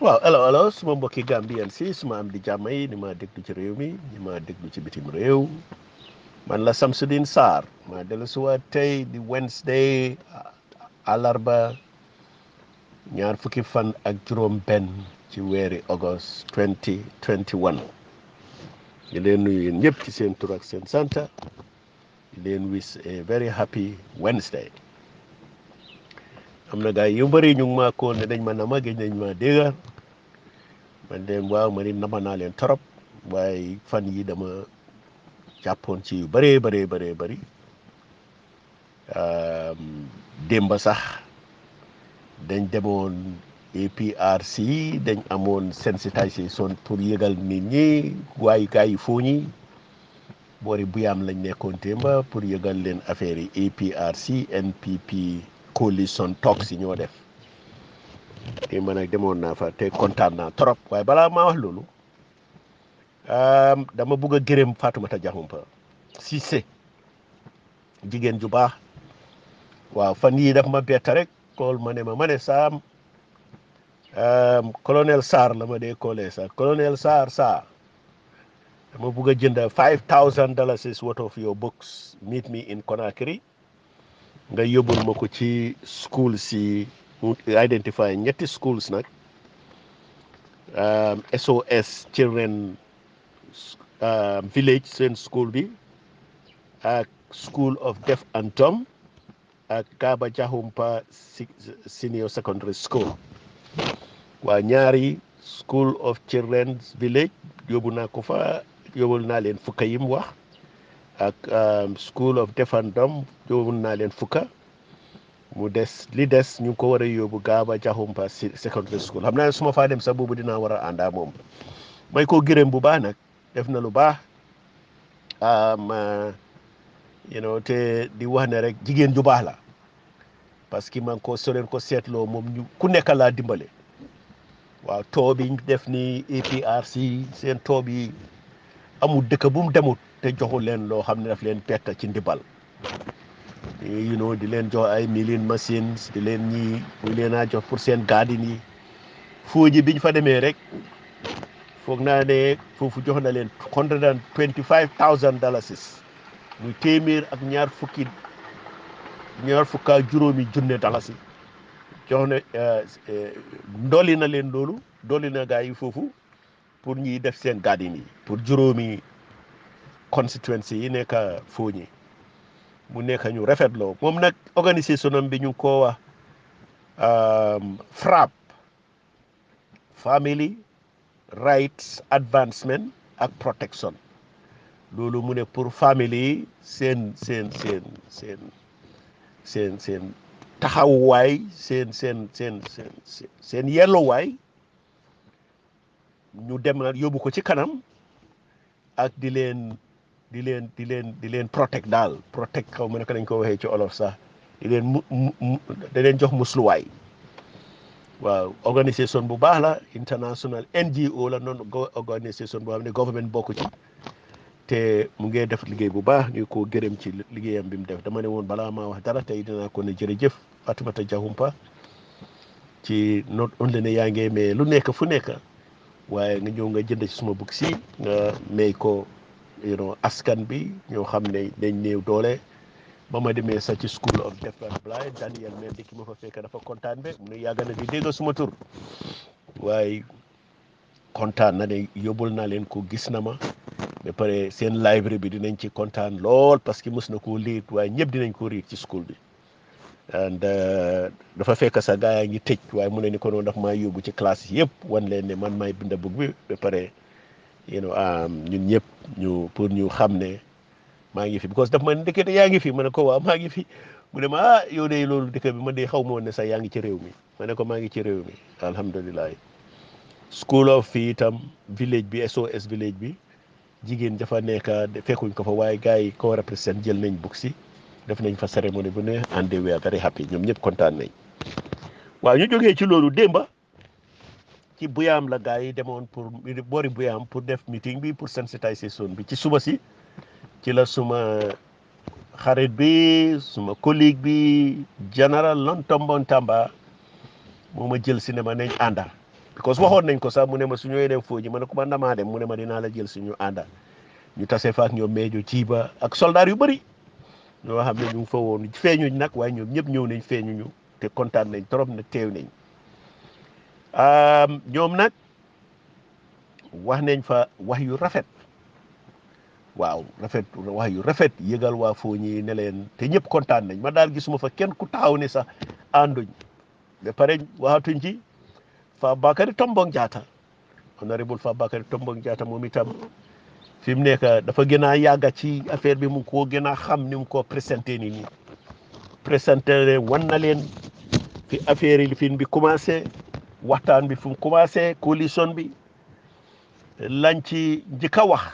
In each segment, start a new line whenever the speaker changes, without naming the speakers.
waaw alors alors suma mbokki Gambien si suma am di jàmm yi ni ma déglu ci réew mi ni ma déglu ci bitim réew man la Samsudeen saar ma dellu suwa tey di Wednesday àllarba ñaar fukki fan ak juróom benn ci weeri august 2021 di leen nuyu yéen ñëpp ci seen tur ak seen santa di leen wis a very happy Wednesday am na gars yu bëri ñu ma maa ko ne dañ ma nama géej nañ ma dégg man de waaw ma ni nama naa leen trop waaye fan yi dama jàppoon ci yu bëree bëree bëree bëri démba sax dañ demoon APRC dañ amoon sensitisation pour yëgal nit ñi waayu gars yi foo ñi bu buyaam lañ nekkoon démba pour yëgal leen affaire yi APRC NPP. coalition toog si ñoo def te man nag demoon naa fa te kontaan na trop waaye balaa maa wax loolu dama bugg a gërëm Fatoumata Diakhoumpa Cissé jigéen ju baax waaw fan yii daf ma bett rek kool ma ne ma ma ne saam colonel Sarr la ma dee koolee sax colonel Sarr Sarr dama bugg a jënd five thousand dollars is worth of your books meet me in Conakry nga yóbbul ma ko ci schools si mu identify ñetti schools nag SOS um, Children um, village seen school bi ak school of deaf and ak Kaaba Jahumpa senior secondary school waa ñaari school of children's village yóbbu naa ko fa yóbbul naa leen fukka yim wax. ak um, school of defandom jowoon naa leen fukka mu des li des ñu ko war a yóbbu Gaaba Jaxumpa secondary school xam naa ne su faa dem sax boobu dinaa war a àndaa moom may ko gërëm bu baax nag def na lu baax um, uh, you te di wax rek jigéen ju baax la parce que man ko soo ko seetloo moom ñu ku nekk laa dimbale waaw too bi def ni APRC seen too bi amul dëkk bu mu demut te joxu leen loo xam ne daf leen pett ci ndibal you know di leen jox ay milin machines di leen ñii ñu leen a jox pour seen garden yi Fuuji biñ fa demee rek foog naa ne foofu jox na leen hundred and twenty five thousand dalasis muy téeméer ak ñaar fukki ñaar fukk ak juróomi junne dalasi jox na eh, eh, dolli na leen loolu dolli na gaa pour ñuy def seen garden yi pour juróomi constituency yi nekk Fooñi mu nekk ñu rafetloo moom nag organisation am bi ñu koowa ko wax euh, FRAP Family Rights Advancement ak Protection loolu mu ne pour famille yi seen seen seen seen seen seen taxawuwaay seen seen seen seen seen yelluwaay ñu dem na yóbbu ko ci kanam ak di leen di leen di leen di leen protect daal protect kaw ma ne ko dañ ko waxee ci olof sax di leen mu leen jox musluwaay waaw organisation bu baax la international NGO la noonu organisation boo xam ne government bokku ci te mu ngee def liggéey bu baax ñu ko gërëm ci liggéeyam bi mu def dama ne woon balaa maa wax dara tey dinaa ko ne jërëjëf Fatoumata Jahumpa ci not only ne yaa ngee mais lu nekk fu nekk waaye nga ñëw nga jënd ci suma bug si nga may ko you know askan bi ñoo xam ne dañ néew doole ma ma demee sax ci school of deaf and blind Daniel mais ki ma fa fekk dafa kontaan be mu ne yàgg na di dégg suma tur waaye kontaan na ne yóbbul naa leen ko gis na ma ba pare seen library bi dinañ ci kontaan lool parce que mës na koo liit waaye ñëpp dinañ ko riit ci school bi Uh, dafa fekk sa gaa yaa ngi tëj waaye mu ne ni ko noonu daf maa yóbbu ci classe yëpp wan leen ne man maay bind bug bi ba pare you know um, ñun ñëpp ñu pour ñu xam ne maa ngi fi because daf man ndekete yaa ngi fi ma ne ko waaw maa ngi fi mu ne ma ah yow de loolu dëkk bi ma dee xaw ma woon ne sax yaa ngi ci réew ma ne ko maa ngi ci réew mi alhamdulilah school of fii itam village bi SOS village bi jigéen jafa nekk fekkuñ ko fa waaye gars yi ko represent jël nañ bug si def nañ fa cérémonie bu ne and they were very happy ñoom ñëpp kontaan nañ waaw ñu jógee ci loolu démba ci buyaam la gars yi demoon pour boori buyaam pour def meeting bi pour sensitiser zone bi ci suba si ci la suma xarit bi suma collègue bi général Lantombon Tamba moom ma jël si ne ma nañ ànda because waxoon nañ ko sax mu ne ma su ñëwee dem Fooji ma ne ko man damaa dem mu ne ma dinaa la jël si ñu ànda ñu tase fa ak ñoom ci ba ak soldaar yu bari ñoo xam ne ñu ngi fa woon feeñuñ nag waaye ñoom ñëpp ñëw nañ feeñuñu te kontaan nañ trop na teew nañ ñoom nag wax nañ fa wax yu rafet waaw rafet wax yu rafet yëgal waa Fooñi ne leen te ñëpp kontaan nañ ma daal gisuma fa kenn ku taxaw ne sax ànduñ ba pare waxatuñ ci Fabakary Tombong Jatta honorable Fabakary Tombong Jatta moom itam fi mu nekk dafa gën a yàgg ci affaire bi mu ko gën a xam ni mu ko présenté nii nii présenté wan na leen fi affaire yi fi bi commencé waxtaan bi fu mu commencé coalition bi lañ ci njëkk wax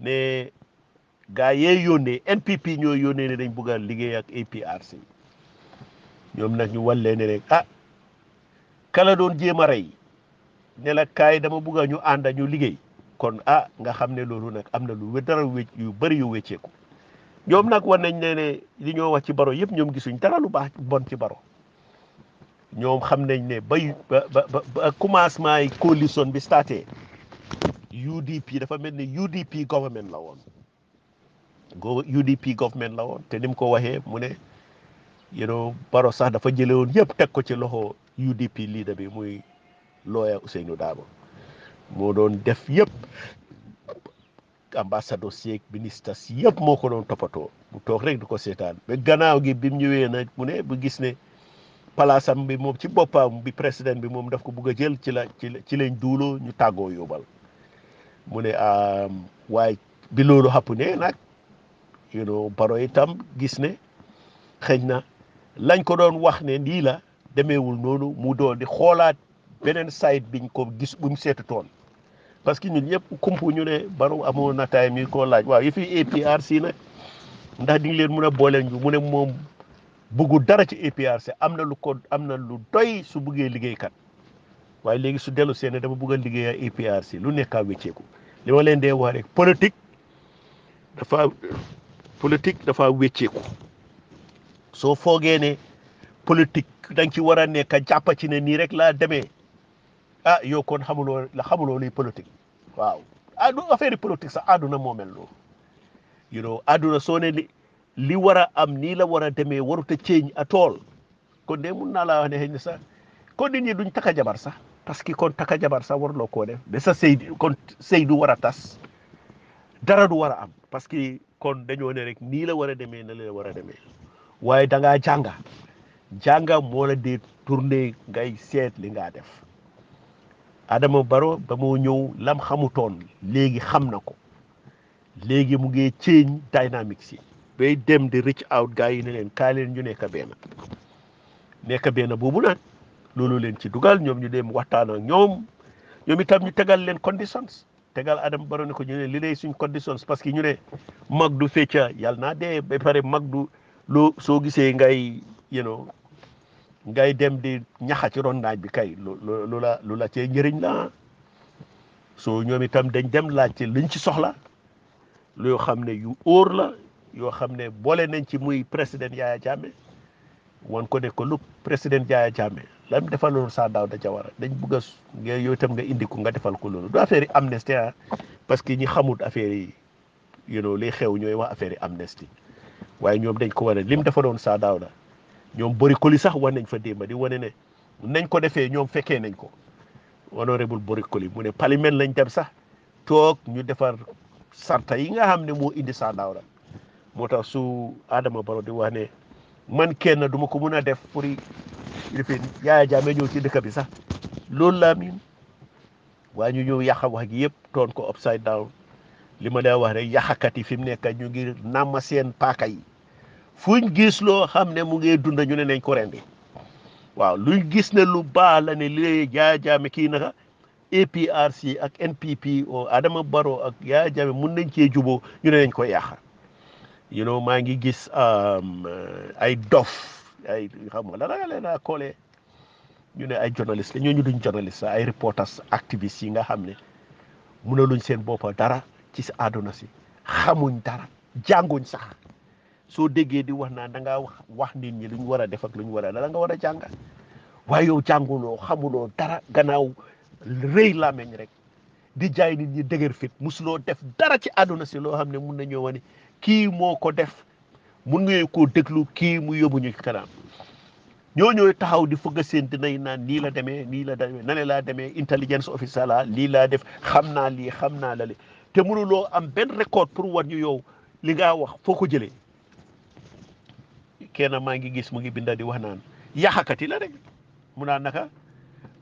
ne gaa yee yónnee NPP ñoo yónnee ne dañ bëgg a liggéey ak APRC ñoom nag ñu wallee ah, kala doon jéem a rey ne la kaay dama bëgg ñu ànd ñu liggéey. kon ah nga xam ne loolu nag am na lu dara wécc yu bëri yu wécceeku ñoom nag war nañ ne ne li ñoo wax ci baro yëpp ñoom gisuñ dara lu baax bon ci baro ñoom xam nañ ne bay ba ba commencement yi coalition bi starté UDP dafa mel ni UDP government la woon go UDP government la woon te ni ko waxee mu ne you know baro sax dafa jële woon yëpp teg ko ci loxo UDP leader bi muy looya Ousseynou Daabo moo doon def yëpp ambassado yeeg ministres yëpp moo ko doon toppatoo mu toog rek di ko seetaan ba gannaaw gi bi mu ñëwee nag mu ne bu gis ne palaasam bi moom ci boppam bi président bi moom daf ko bugg a jël ci la ci lañ duuloo ñu tàggoo yóbbal mu ne waaye bi loolu xapp ne nag you know baro itam gis ne xëy na lañ ko doon wax ne nii la demeewul noonu mu doon di xoolaat beneen site biñ ko gis buñ seet toon parce que ñu ñëpp kumpu ñu ne baro amoo nataay mi koo laaj waaw yëf yi APRC nag ndax di ngi leen mun a booleel ñu mu ne moom bëggu dara ci APRC am na lu ko am na lu doy su bëggee liggéeykat waaye léegi su dellu seen dafa bëgg a liggéey ak APRC lu nekkaa wécceeku li ma leen dee wax rek politique dafa politique dafa wécceeku soo foogee ne politique da nga ci war a nekk jàpp ci ne nii rek laa demee ah yow kon xamuloo la xamuloo li politique waaw adu ah, affaire politique sax àdduna moo mel noonu you know àdduna soo ne li li war a am nii la war a demee warut a ceeñ a tool kon de mun naa laa wax ne xëy sax kon nit ñi duñ takka jabar sax parce que kon takka jabar sax waruloo koo def ba sa sëy kon sëy du war a tas dara du war a am parce que kon dañoo ne rek nii la war a demee na la war a demee waaye da ngaa jànga jànga moo la dee tournée ngay seet li ngaa def Adama Baro ba moo ñëw lam xamutoon léegi xam na ko léegi mu ngi change dynamics si bay dem di reach out gars yi ne leen kaa leen ñu nekk benn nekk benn boobu nag loolu leen ci dugal ñoom ñu dem waxtaan ak ñoom ñoom itam ñu tegal leen conditions tegal Adama Baro ne ko ñu ne li lay suñ conditions parce que ñu ne mag du fecca yàlla naa dee ba pare mag du loo soo gisee ngay you ngay dem di ñaxa ci ron naaj bi kay lu la lu la cee njëriñ la so ñoom itam dañ dem laajte luñ ci soxla loo xam ne yu óor la yoo xam ne boole nañ ci muy président Yaya Jammeh wan ko ne ko lu président Yaya Jammeh lam defal loolu saadaaw da ca war dañ bëgg a nga itam nga indi ko nga defal ko loolu du affaire yi amnistie ah parce que ñi xamut affaire yi you know xew ñooy wax affaire yi amnistie waaye ñoom dañ ko war a lim defaloon saa daaw la ñoom Bori Coly sax war nañ fa démba di wane ne nañ ko defee ñoom fekkee nañ ko honorable Bori Coly mu ne parlement lañ dem sax toog ñu defar sarta yi nga xam ne moo indi ra moo tax su Adama Barrow di wax ne man kenn duma ko mun a def pour rifin Yaya Jammeh ñëw ci dëkk bi sax loolu laa ñu ñëw yàq wax gi yëpp toon ko upside down li ma daa wax rek yàqkat yi fi mu nekk ñu ngi nàmm seen paaka yi fuñ gis loo xam ne mu ngi dund ñu ne nañ ko rendi waaw luñ gis na lu baax la ne li Yaya Jammeh kii naka APRC ak NPP o Adama Barrow ak Yaya Jammeh mun nañ cee juboo ñu ne nañ ko yàq maa ngi gis um, uh, ay ay xam nga la leen a ñu ne ay journaliste la ñooñu duñ journaliste ay reporters activistes yi nga xam ne mënaluñ seen boppa dara ci àdduna si xamuñ dara jànguñ sax soo déggee di wax naa da ngaa wax wax nit ñi lu ñu war a def ak lu ñu war a dala nga war a jàng waaye yow jàngunoo xamuloo dara gannaaw rëy làmmiñ rek di jaay nit ñi dëgër fit musuloo def dara ci àdduna si loo xam ne mun nañoo wane kii moo ko def mun nga ko déglu kii mu yóbbuñu ci kanam ñoo ñooy taxaw di fëgg seen nay naan nii la demee nii la demee nane laa demee intelligence officer la lii laa def xam naa lii xam naa la li te mënuloo am benn record pour war ñu yow li ngaa wax foo ko jëlee kenn maa ngi gis mu ngi binda di wax naan yaxakati la rek mu naan naka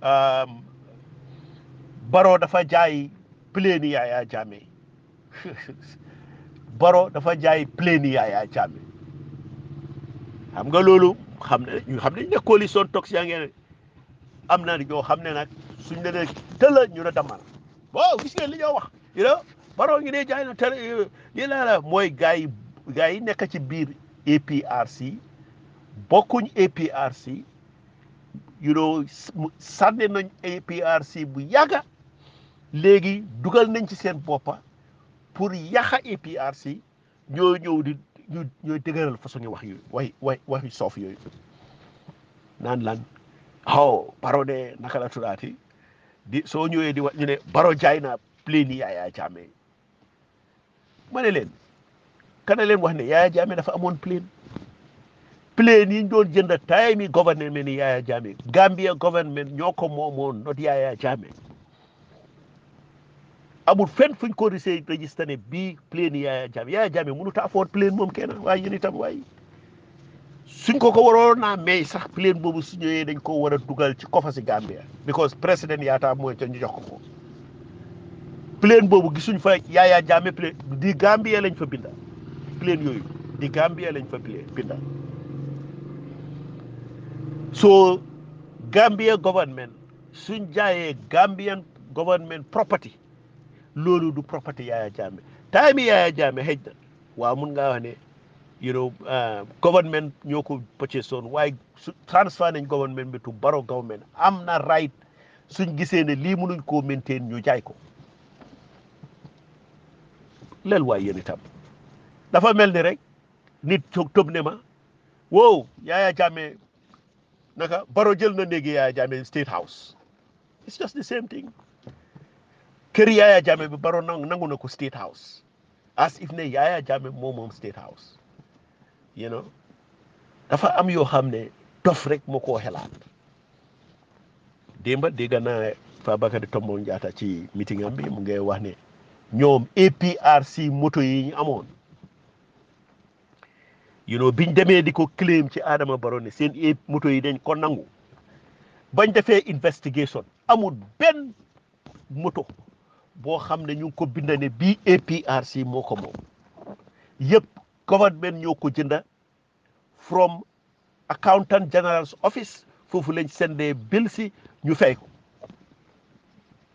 um, Barrow dafa jaay pleni Yaya Jammeh Barrow dafa jaay pleni Yaya Jammeh xam nga loolu xam ne xam ne ñu ne coalition am na xam ne nag suñ ne ne tëla ñu ne damma na gis ngeen li ñoo wax jaay euh, mooy gars yi gars yi nekk ci biir APRC bokkuñ APRC you know sànne nañ APRC bu yàgga léegi dugal nañ ci seen boppa pour yàqa APRC ñoo ñëw di ñu ñooy dëgëral façon wax yooyu way way waxi soof yooyu naan lan xaw baro de naka di soo ñëwee di wax ñu ne baro jaay na pleni yaayaa jaame ma ne leen kana leen wax ne Yaya Jammeh dafa amoon plane plane yi ñu doon jënd time yi gouvernement ni Yaya Jammeh Gambia ñoo ko moomoon not Yaya Jammeh amul fenn fuñ ko risee ne bii plane yi Yaya Jammeh Yaya Jammeh mënut a plane moom kenn waaye yéen itam waaye suñ ko ko waroon naa may sax plane boobu su ñëwee dañ ko war a dugal ci kofa si Gambia because président yaata mooy ca ñu jox ko ko plane boobu gisuñ fa Yaya Jammeh plane di Gambia lañ fa binda plane yooyu lañ fa plane binda so Gambia government suñ jaayee Gambian government property loolu du property Yaya Jammeh time Yaya Jammeh xëj na waaw mun ngaa wax you know uh, government ñoo ko purchase woon waaye transfer nañ government bi to Barrow government am na right suñ gisee ne lii mënuñ koo maintain ñu jaay ko leel waay yéen itam dafa mel ni rek nit tob ne ma wow Yaya Jammeh naka Barrow jël na néegi Yaya Jammeh State House it's just the same thing kër Yaya Jammeh bi nangu na ko State House as if ne Yaya Jammeh moo moom State House you know dafa am yoo xam ne tof rek moo koo xelaat démba dégg naa Fabakary Tombong Jatta ci meeting am bi mu ngay wax ne ñoom APRC moto yi ñu amoon you know biñ demee di ko claim ci Adama Barrow seen i moto yi dañ ko nangu bañ defee investigation amul benn moto boo xam ne ñu ko binda bi bii APRC moo ko moom yëpp government ñoo ko jënda from accountant general's office foofu lañ sendee bill si ñu fay ko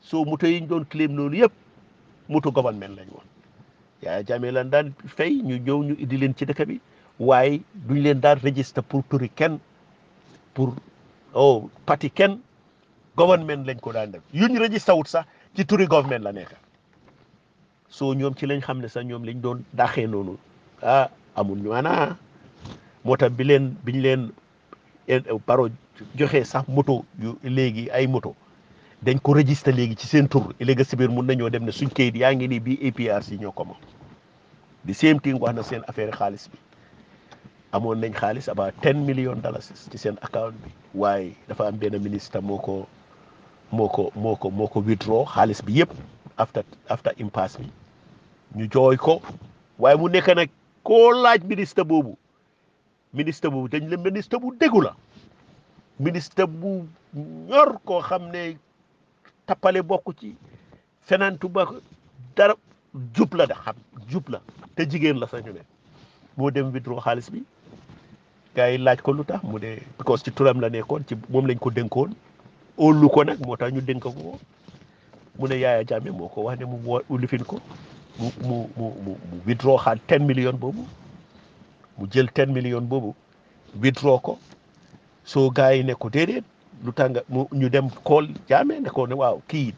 so moto yi ñu doon claim loolu yëpp moto government lañ woon Yaya Jammeh lan daan fay ñu ñëw ñu indi leen ci dëkk bi waaye duñ leen daan registre pour turi kenn pour oh parti kenn government lañ ko daan def yuñ registre wut sax ci turi government la nekk soo ñoom ci lañ xam ne sax ñoom lañ doon daaxee noonu ah amul ñu ana moo tax bi leen biñ leen eh, baro joxe sax moto yu ay moto dañ ko registré léegi ci seen tur léegi si biir mun nañoo dem ne suñ kayit yaa ngi nii bii APRC ñoo ko moom di same thing wax na seen affaire xaalis bi amoon nañ xaalis about ten million dollars ci seen account bi waaye dafa am benn ministre moo ko moo ko moo ko moo ko withdraw xaalis bi yëpp after after impasse bi ñu jooy ko waaye mu nekk nag koo laaj ministre boobu ministre boobu dañ la ministre bu déggu la ministre bu ñor koo xam ne tappale bokk ci fenantu ba dara jub la da xam jub la te jigéen la sañu ne moo dem withdraw xaalis bi gars laaj ko lu tax mu ne because ci turam la nekkoon ci moom lañ ko dénkoon óolu ko nag moo tax ñu dénk ko mu ne Yaya Jammeh moo ko wax ne mu woo ulifin ko mu mu mu mu xaal ten million boobu mu jël ten million boobu withdraw ko soo gars yi ne ko déedéet lu tax nga mu ñu dem kool Jammeh ne ko ne waaw kii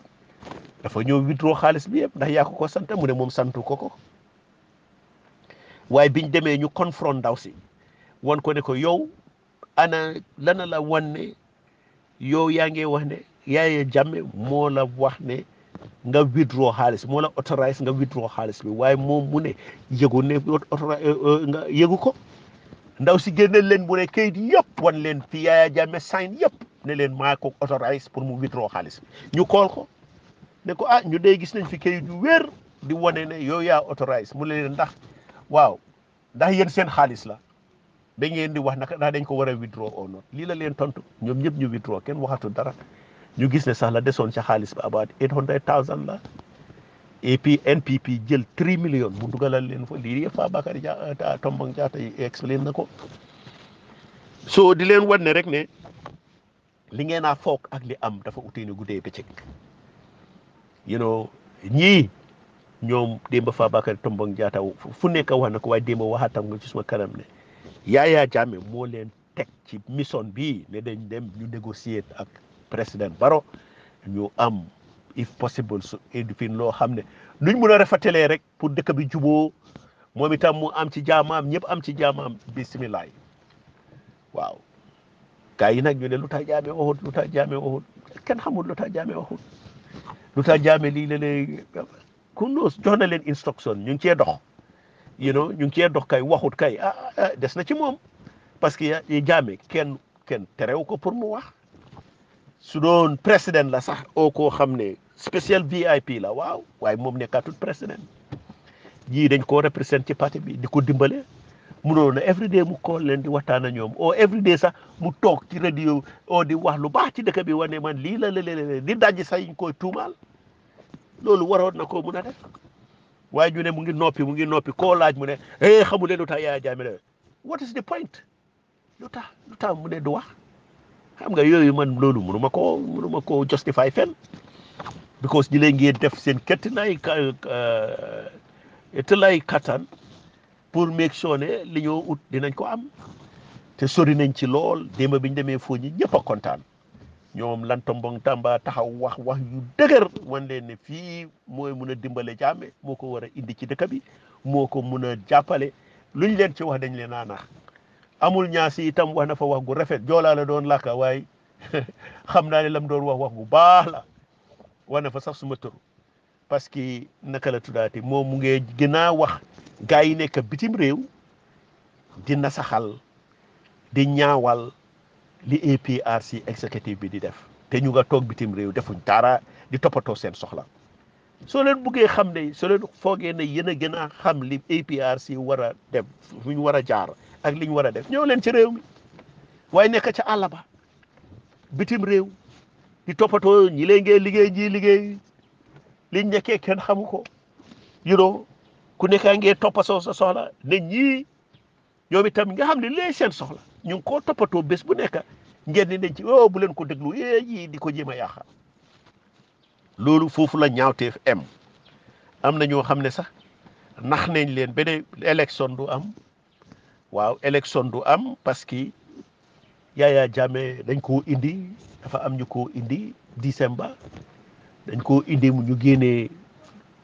dafa ñëw withdraw xaalis bi yëpp ndax yaa ko ko sant mu ne moom santu ko ko waaye biñ demee ñu confront ndaw si. wan ko ne ko yow ana lana la wan ne yow yaa ngi wax ne Yaya Jammeh moo la wax ne nga withdraw xaalis moo la autorize nga withdraw xaalis bi waaye moom mu ne yëgu ne euh, euh, nga yëgu ko ndaw si génne leen bu ne kayit yëpp wan leen fi Yaya Jammeh sign yëpp ne leen maa ko autorize pour mu withdraw xaalis ñu kool ko ne ko ah ñu dee gis nañ fi kayit yu wér di wane ne yow yaa autorize mu ne leen ndax waaw ndax yéen seen xaalis la dañ leen di wax naka daa dañ ko war a withdraw lii la leen tontu ñoom ñëpp ñu withdraw kenn waxatu dara ñu gis ne saxla la desoon ca xaalis ba about eight hundred thousand la et NPP jël three millions mu dugalal leen fa lii yëpp Fabakary Dia Tombong Jatta yi explain na ko so di leen wan ne rek ne li ngeen a ak li am dafa utee ni guddee bëccëg you know ñii ñoom démba Fabakary Tombong Jatta fu nekka wax na ko waaye démba waxaatam nga ci suma kanam ne Yaya Jammeh moo leen teg ci mission bi ne dañ dem ñu négocier ak président Barrow ñu am if possible fin loo xam ne luñ mun a rafetalee rek pour dëkk bi juboo moom itam mu am ci jaamaam ñëpp am ci jaamaam bisimilah waaw gars yi nag ñu ne lu tax Jammeh waxut lu tax Jammeh waxut lu ta Jammeh waxut lu tax Jammeh lii la lay jox na leen instruction ñu ngi cee dox. you know ñu ngi cee dox kay waxut kay ah ah, ah des na ci moom parce que yi jaame kenn kenn terew ko pour mu wax su doon président la sax oo koo xam ne spécial VIP la waaw waaye moom nekkaatul président jii dañ koo represent ci parti bi di ko dimbale munoon na everyday mu call leen di waxtaan ak ñoom oo everyday sax mu toog ci radio oo di wax lu baax ci dëkk bi wane man lii la le di dajji sax yiñ koy tuumaal loolu waroon na koo mun a def waaye ñu ne mu ngi noppi mu ngi noppi koo laaj mu ne eh xamu lu tax yaay Jammeh la what is the point lu tax lu tax mu ne du wax xam nga yooyu man loolu mënu ma koo mënu ma koo justify fenn because ñi lay ngeen def seen kettinaay tëlaay kattan pour make sure ne li ñoo ut dinañ ko am te sori nañ ci lool démb biñ ñu demee foo ñi ñëpp a kontaan ñoom Lantambong Tamba taxaw wax wax yu dëgër wan leen ne fii mooy mun a dimbale jaame moo ko war a indi ci dëkk bi moo ko mun a jàppale luñ leen ci wax dañ leen a amul ñaasi itam wax na fa wax gu rafet joolaa la doon làkka waaye xam naa ne lam doon wax wax gu baax la wax na fa sax suma tur parce que naka la tuddaati moom mu ngi gën wax gaa yi nekk bitim réew di nasaxal di ñaawal li APRC exécutif bi di def te ñu nga toog bitim réew defuñ dara di toppatoo seen soxla soo leen buggee xam ne soo foogee ne yéen a gën a xam li APRC war a dem fu ñu war a jaar ak li ñu war a def ñëw leen ci réew mi waaye nekk ca àll ba bitim réew di toppatoo ñi leen liggéey ji liggéey liñ nekkee kenn xamu ko you know ku nekkaa ngee toppasoo sa soxla ne ñii ñoom itam nga xam ne lee seen soxla ñu ngi koo toppatoo bés bu nekk ngeen ne ci oh bu leen ko déglu eh yii di ko jéem a yàq loolu foofu la ñaawteef am am na ñoo xam ne sax nax nañ leen beneen élection du am waaw élection du am parce que Yaya Jammeh dañ koo indi dafa am ñu ko indi disemba dañ ko indi mu ñu génnee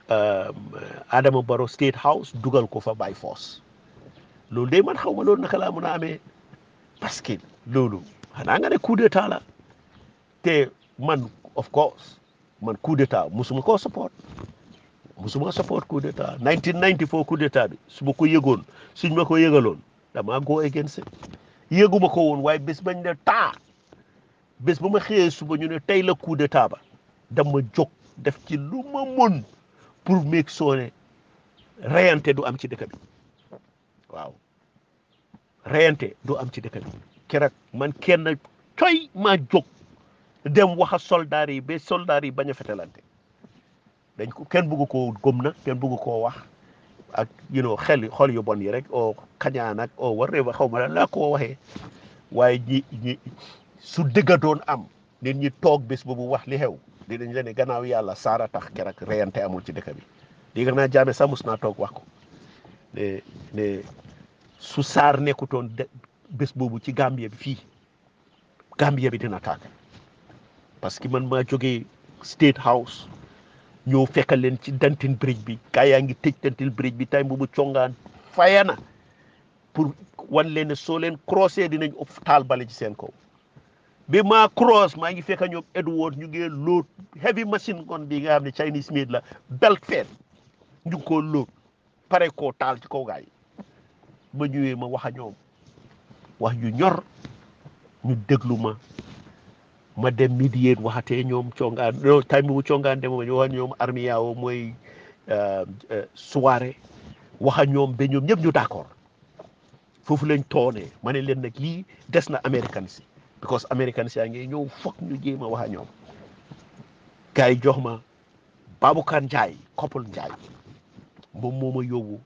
euh, Adama Barrow State House dugal ko fa by force loolu de man xaw ma loolu naka laa mën amee. parce que loolu xanaa nga ne coup d'état la te man of course man coup d'état musuma koo support musuma support coup d'état bi su ma ko yëgoon suñ ma ko yëgaloon damaa go against yëguma ko woon waaye bés bañ ne taa bés ba ma xëyee suba ñu ne tey la coup d'état ba dama jóg def ci lu ma mën pour make sure ne reyante du am ci dëkk bi waaw reyante du am ci dëkk bi keroog man kenn coy ma jóg dem waxa a soldaar yi soldaar yi bañ a fetelante dañ ko kenn bëgg koo gëm na kenn bëgg koo wax ak you xel yi xol yu bon yi rek o kañaan o war ba xaw ma lan laa ko waxe waaye ñi ñi su dëgga doon am nit ñi toog bés boobu wax li xew di dañ leen ne gannaaw yàlla saara tax keroog reyante amul ci dëkk bi dégg naa jaame sax mus naa toog wax ko ne ne su saar nekkutoon bés boobu ci Gambia bi fii Gambia bi dina tàkk parce que man maa jógee State House ñëw fekkal leen ci Dantin Bridge bi gaa yaa ngi tëj Dantin Bridge bi time bu congaan fayana pour wan leen ne soo leen croisé dinañ ëpp taal bale ci seen kaw bi maa cross maa ngi fekk ñoom Edward ñu ngi loot heavy machine gun bi nga xam ne Chinese made la Belfast ñu ko koo pare koo taal ci kaw gaa yi ma ñëwee ma wax ñoom wax ju ñor ñu déglu ma ma dem mi di yéen waxatee ñoom congaan non time wu congaan dem ma wax ñoom armiya wo mooy euh, euh, soirée waxa a ñoom ba ñoom ñëpp ñu d'accord foofu lañ toonee ma ne leen nag lii des na américain si because américain si yaa ngi ñu jéem a wax a ñoom gars jox ma Baboucarr Njie koppal Njie moom moo ma yóbbu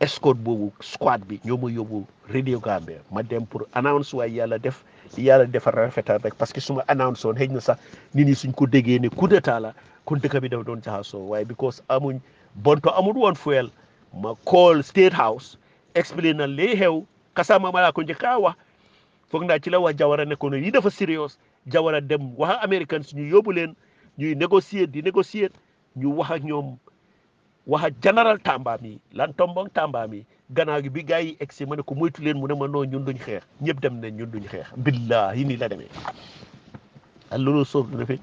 escorte boobu squad bi ñoo ma yóbbu radio Gambia ma dem pour annonce waaye yàlla def yàlla defar rafetal rek parce que suma ma annonce woon xëy na sax nit ñi suñ ko déggee ne coup d'état la kon bi dafa doon jaxasoo waaye because amuñ bonto amul woon fuel ma kool state house explain na lii xew kasaama ma laa ko njëkk a wax foog naa ci la wax Jawara ne ko ne yi dafa serious Jawara dem wax ak ñu suñu yóbbu leen ñuy négocier di négocier ñu wax ak ñoom waxa général Tamba mi lan tombong Tamba mi gannaaw bi gars yi egg si ma ne ko moytu leen mu ne ma noo ñun duñ xeex ñëpp dem nañ ñun duñ xeex billahi nii la demee ak loolu sóor na fi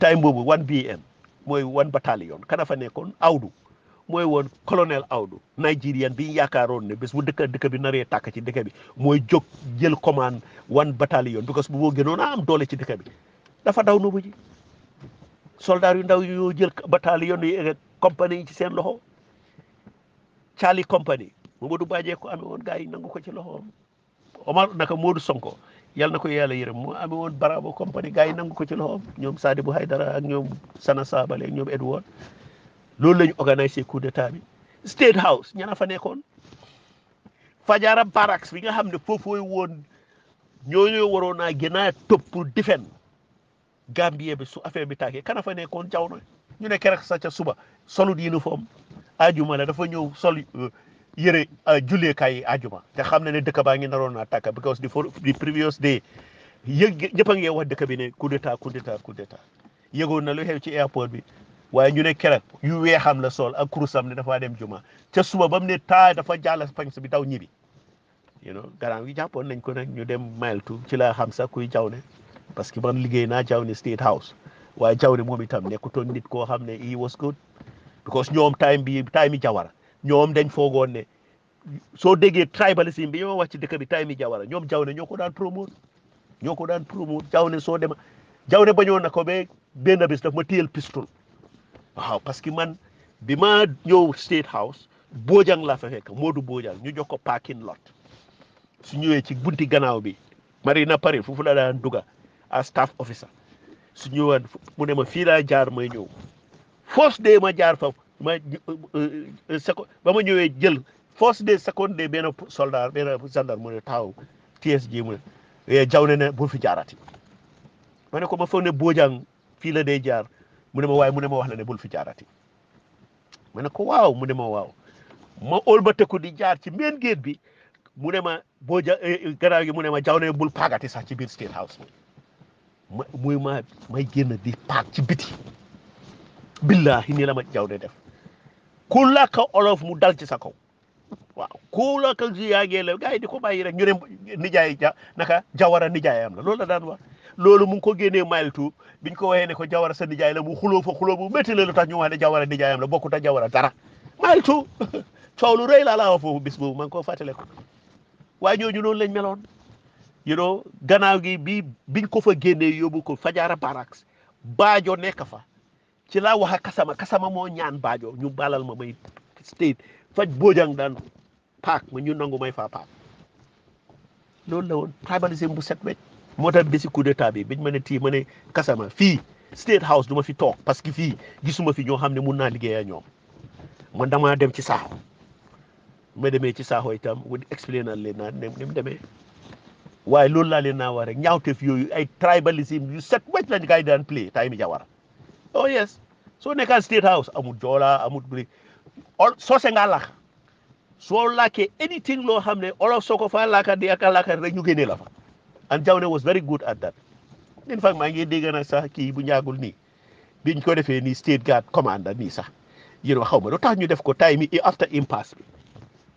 time boobu wan BM mooy one bataillon kana fa nekkoon Awdu mooy woon colonel Awdu Nigerian bi ñu yaakaaroon ne bés bu dëkka dëkk bi naree tàkk ci dëkk bi mooy jog jël commande one bataillon because bu boo gënoon a doole ci dëkk bi dafa daw nu bu ji yu ndaw yoo jël bataillon compagnie yi ci seen loxo Charlie compagnie Momadou Badji ko amee woon yi nangu ko ci loxoom Omar naka Modou Sonko yal na ko yàlla yërëm mu amee woon Barabo compagnie gars yi nangu ko ci loxoom ñoom Sadibou Haydara ak ñoom Sana Sabali ak ñoom Edouard loolu la ñu organisé coup d'état bi State House ñana fa nekkoon Fajara Barracks bi nga xam ne foofooy woon ñooñu waroon naa gën a topp pour defend Gambie bi su affaire bi tàkkee kana fa nekkoon jaww na. ñu ne keroog sa ca suba solut uniforme ajuma la dafa ñëw sol uh, yëre uh, julleekaay yi ajuma te xam na ne dëkk baa ngi naroon naa tàkka because di di previous day yëg ñëpp a ngi dëkk bi ne coup d'état coup d'état coup d'état yëgoon na lu xew ci airport bi waaye ñu ne keroog yu weexam la sol ak kurusam ne dafaa dem juma ca suba bam ne taa dafa jàll panc bi daw ñibi you know garaan gi jàppoon nañ ko nag ñu dem mayaltu ci la xam sax kuy jaw ne parce que man liggéey naa jaw ne state house waaye Jawre moom itam nekkutoon nit koo xam ne he was good because ñoom time bi time yi Jawara ñoom dañ foogoon ne soo déggee tribalisme bi ñoo wax ci dëkk bi time yi Jawara ñoom Jawre ñoo ko daan promote ñoo ko daan promote Jawre soo dem Jawre bañoon na ko ba benn bis daf ma téyel pistol waaw parce que man bi ma ñëw State House Bojang la fa moo du Bojang ñu jox ko parking lot su ñëwee ci bunti gannaaw bi Marina Pare foofu la daan dugga a staff officer su ñëwaat mu ne ma fii laa jaar may ñëw force de ma jaar fa ma euh, euh, seko ba ma ñëwee jël force de seconde de benn soldat benn gendarme mu ne taaw TSG mu ne eh, jaw ne ne bul fi jaarati ma ne ko ma foog ne Bojang fii la day jaar mu ne ma waaye mu ne ma wax la ne bul fi jaarati ma ne ko waaw mu ne ma waaw ma ëlbateeku di jaar ci main gate bi mu ne ma Bojang eh, eh, gannaaw gi mu ne ma jaw ne bul paagati sax ci biir state house bi ma muy ma may génn di paak ci biti billahi nii la ma jaw de def ku làkka olof mu dal ci sa kaw waaw ku làkka ji yaagee la gars yi di ko bàyyi rek ñu ne nijaay ja naka jawara nijaayam la loolu la daan wax loolu mu ngi ko génnee mayeltu biñ ko waxee ne ko jawara sa nijaay la mu xuloo fa xuloo bu métti la lu tax ñu wax ne jawara nijaayam la bokkut ak jawara dara mayeltu coow lu rëy laa la wax foofu bis boobu maa ngi koo fàttale ko waaye ñooñu noonu meloon you know gannaaw gi bi biñ ko fa génnee yóbbu ko Fajara Barracks baajo nekk fa ci laa wax ak kasama kasama moo ñaan baajo ñu balal ma may state faj boojang daan paak ma ñu nangu may faa paak loolu la woon tribalisme bu set wecc moo tax bési coup d'état bi biñ ma ne tii ma ne kasama fii state house du ma fi toog parce que fii gisuma fi ñoo xam ne mun naa liggéey ak ñoom ma damaa dem ci saaxo ma demee ci saaxo itam wut explainal leen naa ne ni mu demee waaye loolu laa leen naa wax rek ñaawteef yooyu ay tribalism yu set wecc lañ kay daan play tay mi jawara oh yes soo nekkaan state house amul joola amul break soo se ngaa làkk soo làkkee anything loo xam ne olof soo ko faa laaka di ak laaka rek ñu génnee la fa and Jawne was very good at that in fact maa ngi dégg nag sax kii bu ñaagul nii biñ ko defee nii state guard commander nii sax yéen xaw ma lu tax ñu def ko tay mi after impasse bi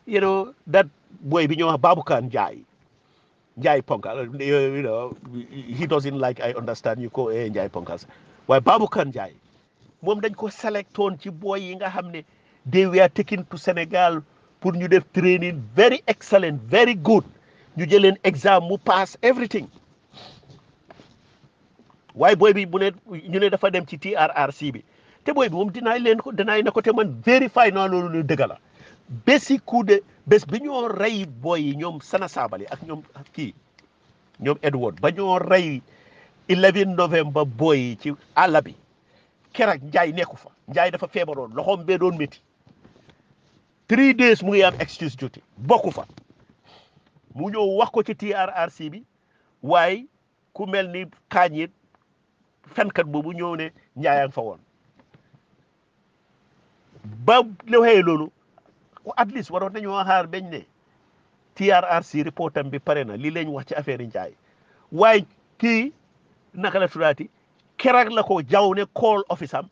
you know that Njai Ponkal, you know, he doesn't like, I understand you ko eh Njai Ponkals. waaye Baboucarr Njie moom dañ ko selectoon ci boy yi nga xam ne they were taken to Sénégal pour ñu def training very excellent very good ñu jëleen exam mu pass everything waaye booy bi bu ne ñu ne dafa dem ci TRRC bi te booy bi moom dinaay leen ko dinaay na ko te man vérifié naa loolu lu basic coup de bés bi ñoo rey booy ñoom Sana Sabally ak ñoom kii ñoom Edward ba ñoo rey 11 novembre booy ci àll bi keroog Njaay nekku fa Njaay dafa feebaroon loxoom bee doon métti three days mu ngi excuse duty bokku fa mu ñëw wax ko ci TRRC bi waaye ku mel ni kaañit fenkat boobu ñëw ne Njaay a fa woon ba li waxee loolu. at least waroon nañoo xaar beñ ne TRRC reportam bi pare na lii lañ wax ci affaire Njie waaye kii naka la tuddaati keroog la ko jaw ne call office am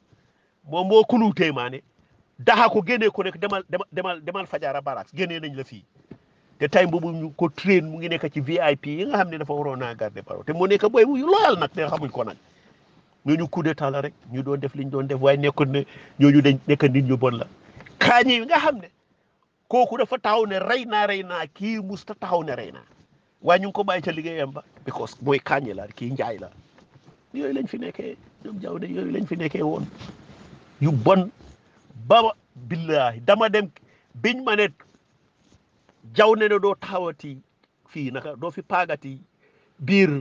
moom moo kuluutee maa ne daxa ko génnee ko nekk demal demal demal Fajara Barracks génnee nañ la fii te time boobu ñu ko train mu ngi nekk ci VIP yi nga xam ne dafa waroon naa garder baro te moo nekk booy bu loyal nag te xamuñ ko nag ñooñu coup d'état rek ñu doon def li ñu doon def waaye nekkoon ne ñooñu dañ nekk nit ñu bon la kaañi nga xam ne. kooku dafa taaw ne rey naa rey naa kii ta taxaw ne rey naa waaye ñu ko bàyyi ca liggéeyam ba because mooy kàññi la kii njaay la yooyu lañ fi nekkee jaww de yooyu lañ fi nekkee woon yu bon ba billahi dama dem biñ ma ne jaw ne ne doo taxawati fii naka doo fi paagati biir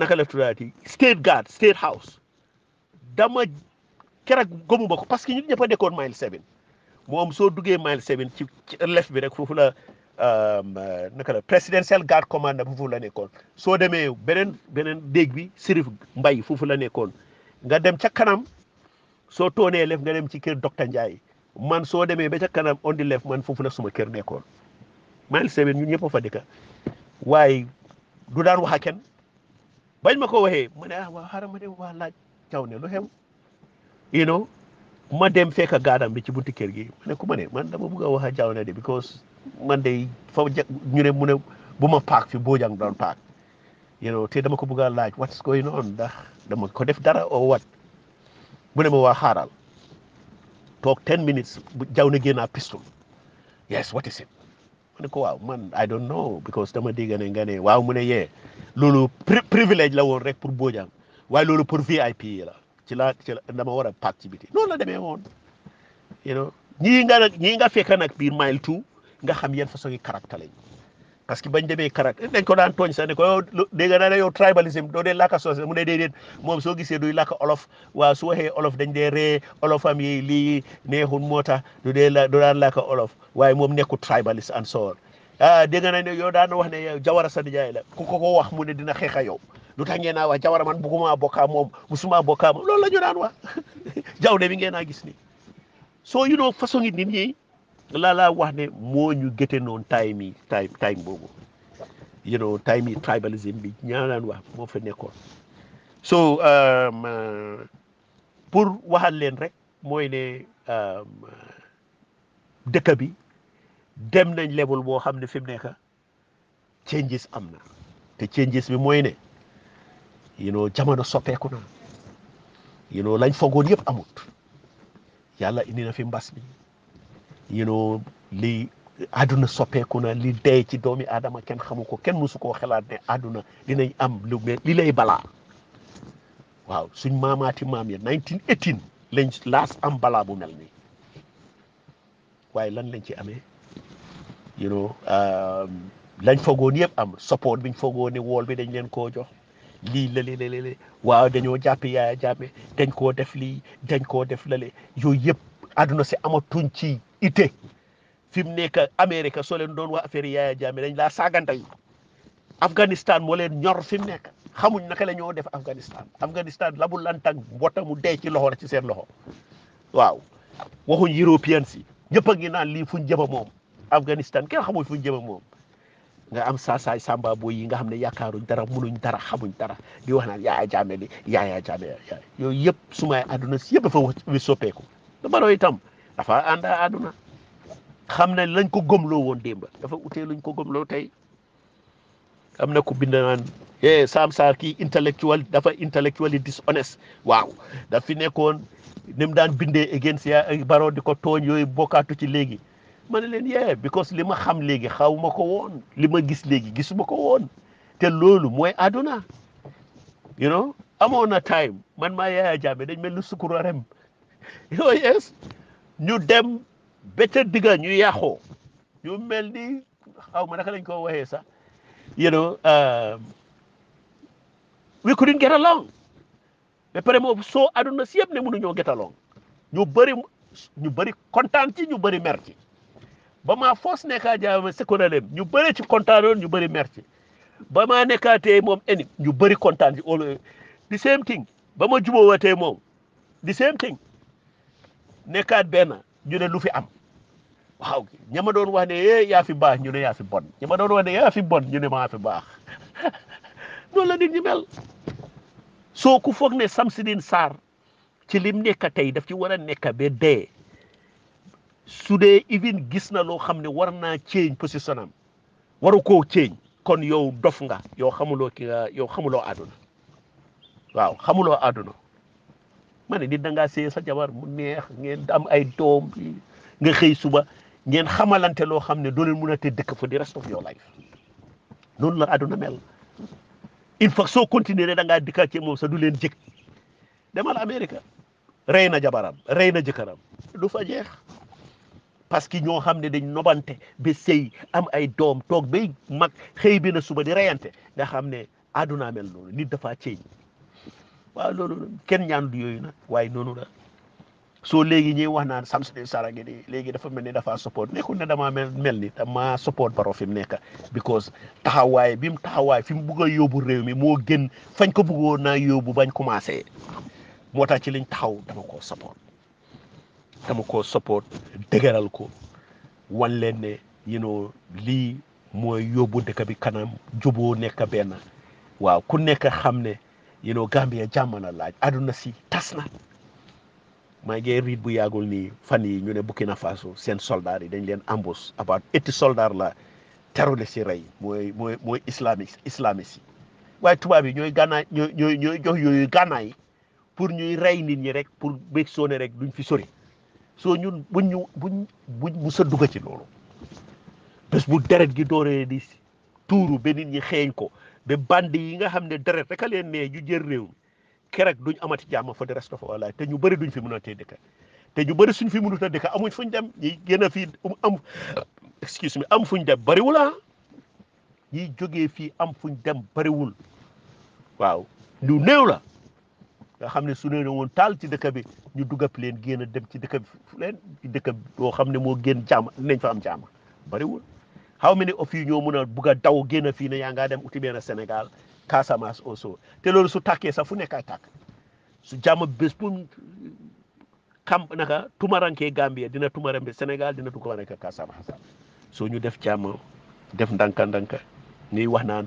naka la tuddaati state guard state house dama keroog gëmuma ko parce que ñun ñëpp a dekkoon mile seven moom soo duggee mile seven ci ci lef bi rek foofu la um, uh, naka la présidentiel garde commande foofu la nekkoon soo demee beneen beneen déeg bi Sirif Mbay foofu la nekkoon nga dem ca kanam soo toonee lef nga dem ci kër docteur Ndiaye man soo demee ba ca kanam on di lef man foofu la suma kër nekkoon mile seven ñun ñëpp fa dëkk waaye du daan wax bañ ma ko waxee ma ne ah waaw xaaral ma dem waa laaj caw ne lu xew ma dem fekk gaadam bi ci bunti kër gi ma ne ku ma ne man dama bëgg a wax a jaaw ne de because man de fa ñu ne mu bu ma paak fi Bojang doon paak you know te dama ko bëgg a laaj what's going on ndax dama ko def dara o wat mu ne ma waa xaaral toog 10 minutes jaaw na génnaa pistol yes what is it ma ne ko waaw man I don't know because dama dégg ne nga ne waaw mu ne yee loolu privilège la woon rek pour Bojang waaye loolu pour VIP yi la. ci laa ci la dama war a paak ci biti noonu la demee woon you know ñii nga nag ñii nga fekk nag biir mile two nga xam yen façon yi caractère lañ parce que bañ demee caractère dañ ko daan tooñ sax ne ko yow dégg naa ne yow tribalisme doo dee làkk soose mu ne déedéet moom soo gisee duy làkk olof waa su waxee olof dañ dee ree olofam yi lii neexul moo tax du dee la du daan làkk olof waaye moom nekku tribaliste and so Ah, dégg nga ne yow daan wax ne Jawara sa nijaay la ku ko ko wax mu ne dina xeex a yow lu tax ngeen naa wax Jawara man bëgguma bokkaa moom musuma bokkaa moom loolu la ñu daan wax jaw de bi ngeen naa gis ni soo yu noo façon nit ñi laa laa wax ne moo ñu gëte noonu time yi time time boobu you know time yi tribalism bi ñaa daan wax moo fa nekkoon so um, pour waxal leen rek mooy ne um, dëkk bi dem nañ lebul boo xam ne fi mu nekk changes am na te changes bi mooy ne you know jamono soppeeku na you know lañ fogoon yëpp amut yàlla indi na fi mbas mi you know li àdduna soppeeku na li dee ci doomi aadama kenn xamu ko kenn musu koo xalaat ne àdduna dinañ am lu mel li lay balaa waaw suñ maamaati maam ya 1918 lañ laas am balaa bu mel nii waaye lan lañ ci amee you know um, lañ foogoon yëpp am sopoot biñ foogoon ne wool bi dañ leen koo jox lii lële lële waaw dañoo jàpp yaaya jàmme dañ koo def lii dañ koo def lële yooyu yëpp àdduna si amatuñ ci ite fi mu nekk Amérique soo leen doon wax affaire yaaya jàmme dañ laa saagante yi Afghanistan moo leen ñor fi mu nekk xamuñ naka la ñoo def Afghanistan Afghanistan la bu lantag bota mu dee ci loxo la ci seen loxo waaw waxuñ européen si ñëpp ngi naan lii fuñ jëma moom. Afghanistan kenn xamul fu ñu moom nga am saasaay samba booy yi nga xam ne yaakaaruñ dara munuñ dara xamuñ dara di wax naan yaaya jaame li yaaya jaame yooyu yëpp sumaay àdduna si yëpp dafa wi soppeeku dama doon itam dafa ànd àdduna xam ne lañ ko gomloo woon démb dafa utee luñ ko gomloo tey am na ku bind naan eh Sam Sarr kii intellectual dafa intellectually dishonest waaw daf fi nekkoon ni mu daan bindee against ya baro di ko tooñ yooyu bokkaatu ci léegi ma ne leen yee because li ma xam léegi xaw ko woon li ma gis léegi gisuma ko woon te loolu mooy àdduna you know amoon na time man maa Yaya Jammeh dañ mel ni sukkur a rem oh yes dem ba digga ñu yàqoo ñu mel ni xaw ma naka lañ ko waxee sax you know um, we couldn't get along ba pare moom soo àdduna si yëpp ne mënuñoo get along ñu bëri ñu bëri kontaan ci ñu bëri mer ba maa foos nekkaajaay ma sekkoonaleem ñu bëri ci kontaanoon ñu bëri mer ba maa nekkaatee moom eni ñu bëri kontaan ci di same thing ba ma jubóowatee moom di same thing nekkaat benn ñu ne lu fi am waaw ña doon wax eh, yaa fi baax ñu ne yaa fi bon ña ma doon wax ne yaa fi bon ñu ne maa fi baax noonu la nit ñi mel soo ku foog ne Samsidine Sarr ci lim nekk tey daf ci war a nekk ba dee. su dee even gis na loo xam ne war naa change position am waru koo change kon yow dof nga yow xamuloo ki yow xamuloo àdduna waaw xamuloo àdduna ma ne nit da ngaa sa jabar mu neex ngeen am ay nga xëy suba ngeen xamalante loo xam ne doo leen mun a te dëkk di rest of your life noonu la il faut soo continuer da ngaa dikkaat moom sa du leen jëkk demal Amérique rey na jabaram rey na jëkkëram du fa jeex parce que ñoo xam ne dañ nobante ba sëy am ay doom toog bay mag xëy bi na suba di reyante nga xam ne àdduna mel noonu nit dafa ceeñ waaw loolu kenn ñaan yooyu nag waaye noonu la soo léegi ñuy wax naan Samsudeen Sarangé di léegi dafa mel ni dafa support nekkul ne damaa mel ni damaa support Barrow fi mu nekk because taxawaay bi mu taxawaay fi mu bugg a yóbbu réew mi moo gën fañ ko bëggoon naa yóbbu bañ commencé moo tax ci liñ taxaw dama ko support dama ko support dëgëral ko wan leen ne you lii mooy yóbbu dëkk bi kanam juboo nekk benn waaw ku nekk xam ne you know Gambia jàmm na laaj àdduna si tas na maa ngi riit bu yàggul nii fan yi ñu ne Burkina Faso seen soldaari dañ leen ambush about eighty soldats la terroriste rey mooy mooy mooy islamique waaye tubaab yi ñooy gànnaay ñooy ñooy ñooy jox yooyu gànnaay pour ñuy rey nit ñi rek pour bég soone rek luñ fi sori soo ñun bu ñu buñ buñ mu sa dugg ci loolu bés bu deret gi dooree di tuuru be nit ñi xeeñ ko ba bandi yi nga xam ne deret rek a leen nee ju jël réew mi kerek duñ amati jàmm fa de reste of walaay te ñu bari duñ fi mun a tee dëkk te ñu bari suñ fi mënut a dëkk amuñ fuñ dem ñi gën a fii um, am excuse am fuñ dem bëriwul ah ñiy jógee fii am fuñ dem bëriwul waaw lu néew la nga xam ne su ne woon taal ci dëkk bi ñu dugg ab leen génn dem ci dëkk fu ci dëkk boo xam ne moo génn jaama nañ fa am jaama bariwul how many of you ñoo mun a bugg a daw génn fii ne yaa ngaa dem uti benn Sénégal Casamance also te loolu su tàkkee sax fu nekk ay tàkk su jàmm bés bu kam naka tumaranke Gambie dina tumaranke senegal dina a tumaranke Casamance soo ñu def jàmm def ndànka-ndànka nii wax naan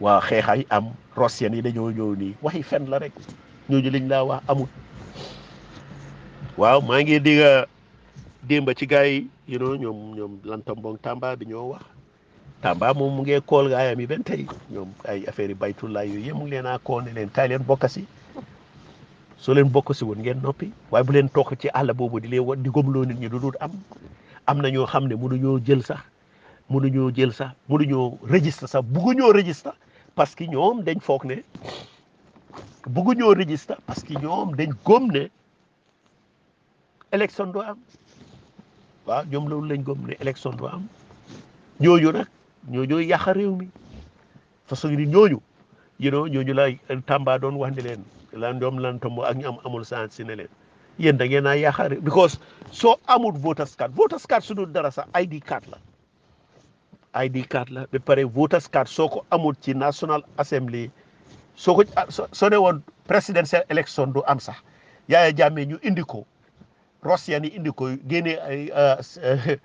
waa xeexay am Russie yi dañoo ñëw nii waxi fen la rek ñooñu liñ laa wax amul. waaw maa ngi dégg uh, démba ci gars yi you know ñoom ñoom lantambong Tamba bi ñoo wax Tamba moom mu ngee kool gaayam yi benn tey ñoom ay affaire yi baytullah yooyu yëpp mu ngi leen a kool leen kaay leen bokk si soo leen bokk si woon ngeen noppi waaye bu leen toog ci àll boobu di leen wa di gomloo nit ñi du dul am am na ñoo xam ne mënuñoo jël sax mënuñoo jël sax mënuñoo registre sax bëgguñoo registre parce que ñoom dañ foog ne bëgguñoo registre parce que ñoom dañ góom ne élection du am waaw ñoom loolu lañ gëm ne élection du am ñooñu nag ñooñu yàq réew mi ñooñu you ñooñu la Tamba doon wax ne leen la ñoom lan tomb amul sens si ne leen yéen da ngeen yàq réew because soo amul voters card voters card su dul dara sax ID card la ID card la ba pare voters card soo ko amul ci National Assembly soo ko soo ne woon presidential election du am sax Yaya Jammeh ñu indi ko. Russian yi indi ko génnee ay euh, euh,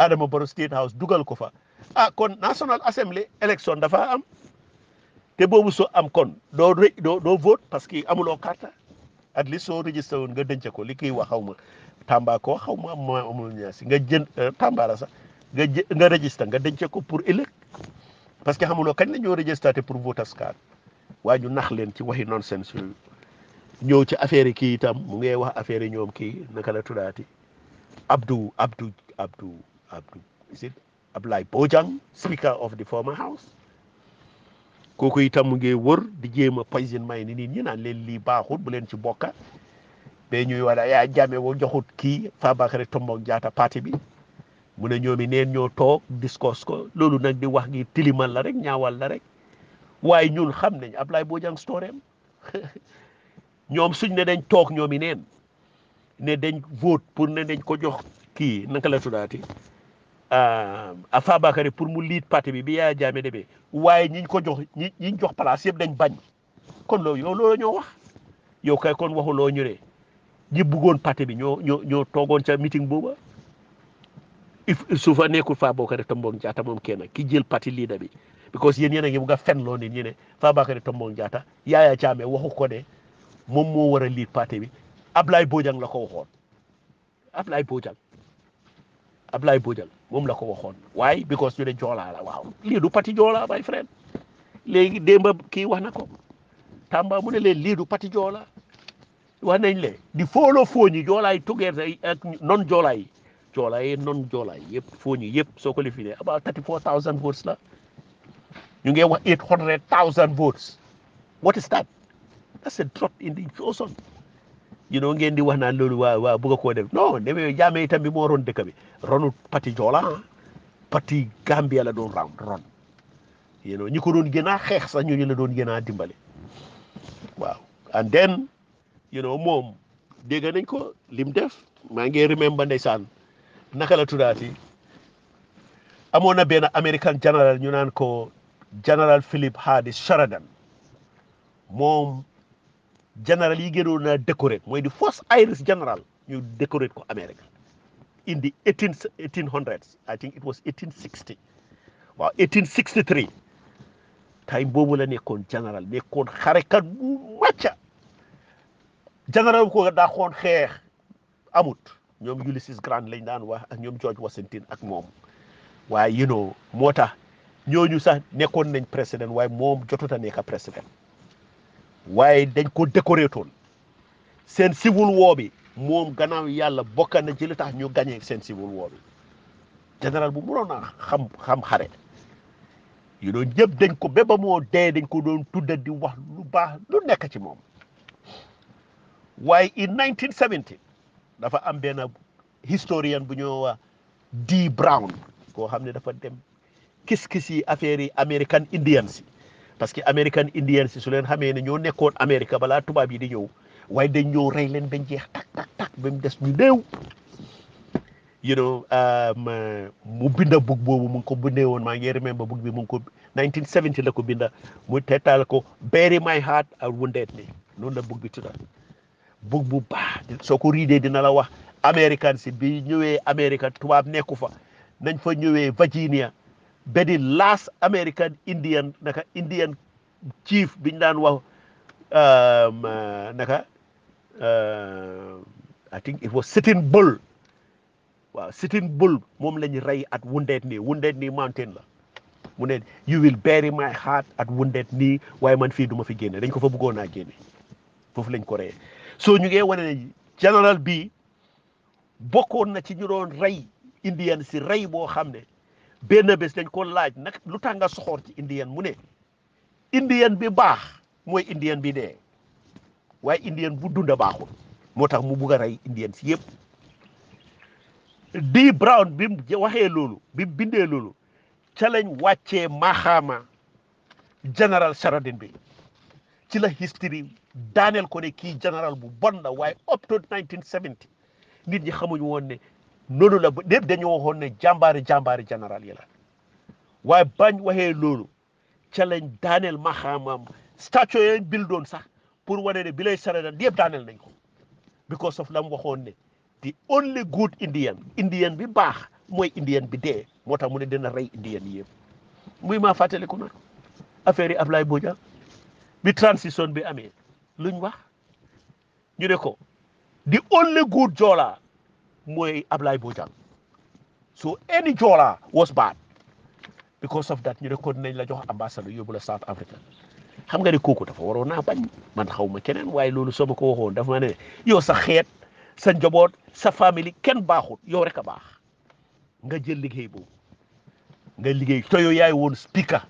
Adama Barrow State House dugal ko fa ah kon National Assembly élection dafa am te boobu soo am kon doo doo doo vote parce que amuloo carte at least soo registré woon nga denc ko li kii wax xaw ma Tamba ko xaw ma ma amul ñaasi nga jën euh, Tambara sax nga jë nga registré nga denc ko pour ëllëg parce que xamuloo kañ la ñoo registré pour voter card waaye ñu nax leen ci waxi nonsense yooyu ñëw ci affaire yi kii itam mu ngay wax affaire yi ñoom kii naka la tuddaati Abdou Abdou Abdou Abdou is it Ablaye speaker of the former house kooku itam mu ngay wër di jéem a poison may ni nit ñi leen lii baaxul bu leen ci bokka ba ñuy wala yaa jàmme wo joxut kii Fabakary Tombong jaata parti bi mu ne ñoom i neen ñoo toog discours ko loolu nag di wax gi tilimal la rek ñaawal la rek waaye ñun xam nañ Ablaye Bojang storeem ñoom suñ ne dañ toog ñoom i neen ne dañ vote pour ne dañ ko jox kii naka la tuddaati euh, a Fabakary pour mu liit parti bi bi Yaya Jammeh demee waaye ñiñ ko jox ñi ñiñ jox place yëpp dañ bañ kon loolu yow loolu ñoo wax yow kay kon waxuloo ñu ne ñi parti bi ñoo ñoo ñoo toogoon ca meeting booba su fa nekkul Fabakary Tombong Jatta moom kenn ki jël parti leader bi because yéen yéen a ngi bugg a fenloo nit ñi ne Fabakary Tombong Jatta waxu ko ne moom moo war a lii parti bi Ablaye Bojang la ko waxoon Ablaye Bojang Ablaye Bojang moom la ko waxoon waaye because ñu ne joolaa la waaw lii du parti joolaa my friend léegi démba kii wax na ko Tamba mu ne leen lii du parti joolaa wax nañ le di fooloo fooñi joolaay tugeer ak non joolaay joolaay non joolaay yëpp fooñi yëpp soo ko lifine about thirty four thousand votes la ñu ngi wax eight hundred thousand votes what is that that's a drop in the ocean you know ngeen di wax naan loolu waa waa bëgg koo def non demee jaame itam bi moo ron dëkk bi ronu pati Joola ah. pati Gambia la doon ram ron you know ñi ko doon gën a xeex sax ñu la doon gën a dimbale waaw and then you know moom dégg nañ ko lim def maa ngi remember ndeysaan naka la tuddaati amoon na benn American general ñu naan ko general Philip Hadi Sheridan moom. général yi gënoon naa décoré mooy di force iris général ñu décoré ko Amérique indi eighteen eighteen hundreds I think it was waaw eighteen sixty three time boobu la nekkoon général nekkoon xarekat bu macca général ko daa xoon xeex amut ñoom Ulysses Grant lañ daan wax ak ñoom George Washington ak moom waaye you know moo tax ñooñu sax nekkoon nañ président waaye moom jotut a nekk président waaye dañ ko décoré seen civil war bi moom gannaaw yàlla bokka na ci li tax ñu gagné seen civil war bi général bu mënoon a xam xam xare yu doon yëpp dañ ko ba ba moo dee dañ ko doon tudda di wax lu baax lu nekk ci moom waaye in 1970 dafa am benn historien bu ñoo wax D Brown koo xam ne dafa dem kis-kis yi affaire yi American Indians parce que American Indians si suleen leen xamee ne ñoo nekkoon Amérique balaa tubaab yi di ñëw waaye dañ ñëw rey leen bañ jeex tak tak tak ba mu des ñu néew you know um, mu binda bug boobu mu ko bindee woon maa ngi remember bug bi mu ngi ko 1970 la ko binda mu teetaal ko bury my heart and wounded me noonu la bug bi tudda bug bu baax soo ko riidee dina la wax American si bi ñëwee Amérique tubaab nekku fa nañ fa ñëwee Virginia be the last American Indian naka Indian chief biñ daan wax um, uh, naka uh, I think it was Sitting Bull waaw Sitting Bull moom la rey at Wounded Knee Wounded Knee mountain la mu ne you will bury my heart at Wounded Knee waaye man fii duma ma fi génne dañ ko fa bëggoon a génne foofu lañ ko reyee soo ñu ngee wane ne général bi bokkoon na ci ñu doon rey indian si rey boo xam ne benn bés dañ ko laaj nag lu tax nga soxor ci indien mu ne indien bi baax mooy indien bi dee waaye indien bu dunda baaxul moo tax mu bugg a rey yëpp di Brown bi mu waxee loolu bi mu bindee loolu ca lañ wàccee maxaama général Saradin ci la history daaneel ko ne kii bu bon la waaye up to 1970 nit yi xamuñu woon ne loolu la ba lépp dañoo waxoon ne jàmbaari jàmbaari général yi la waaye bañ waxee loolu ca lañ daaneel maxaamam statue yañ bildoon sax pour wane ne bi lay sarada lépp nañ ko because of lam waxoon ne the only good Indian Indian bi baax mooy Indian bi dee moo tax mu ne dina rey Indian yi yëpp muy maa fàttaliku na affaire yi Ablaye Bodian bi transition bi amee luñ wax ñu ne ko the only good Joola mooy Ablaye Bojang so any Joola was bad because of that ñu record nañ la jox ambassadeur yóbbu la South Africa xam nga ne kooku dafa waroo naa bañ man xaw ma keneen waaye loolu soo ma ko waxoon dafa ma ne yow sa xeet sa njoboot sa famille kenn baaxut yow rek a baax nga jël liggéey boobu nga liggéey to yow yaay woon speaker